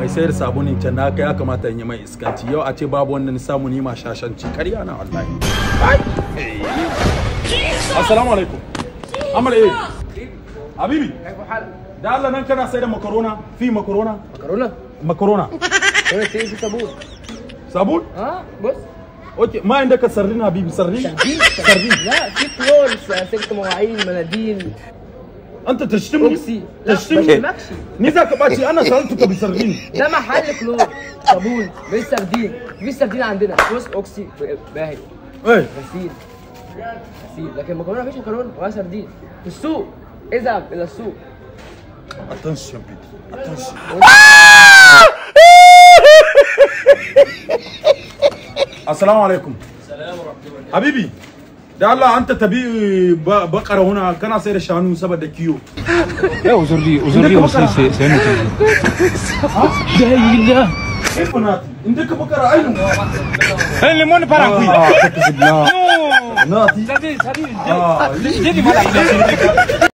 mai sayar sabulun can na haka ya kamata in yi mai iskanci yau a ce babu wannan samu ni ma shashanci karya na wallahi assalamu alaikum amal eh habibi da Allah nan kana sai da makarona fi makarona makarona makarona eh sai shi sabun sabun ah bas اوكي ما عندك سردين حبيبي سردين سردين لا في كلورس سلك مواعين مناديل انت تشتمني اوكسي تشتمني ميزك باتشي انا سالتك بيسرغيني ده محل كلور صابون بيسردين في سردين عندنا بص اوكسي باهي ايه غسيل غسيل لكن المكرونه مفيش مكرونه ولا سردين في السوق اذهب الى السوق اتنشن بيتي اتنشن السلام عليكم السلام ورحمه الله حبيبي da Allah anta tabi bakara huna kana sai da shanu saboda kiyo ya uzurdi uzurdi sai sai sai mutum la ilaha عندك بكره عين الليمون فرنكوي ناتي ناتي ناتي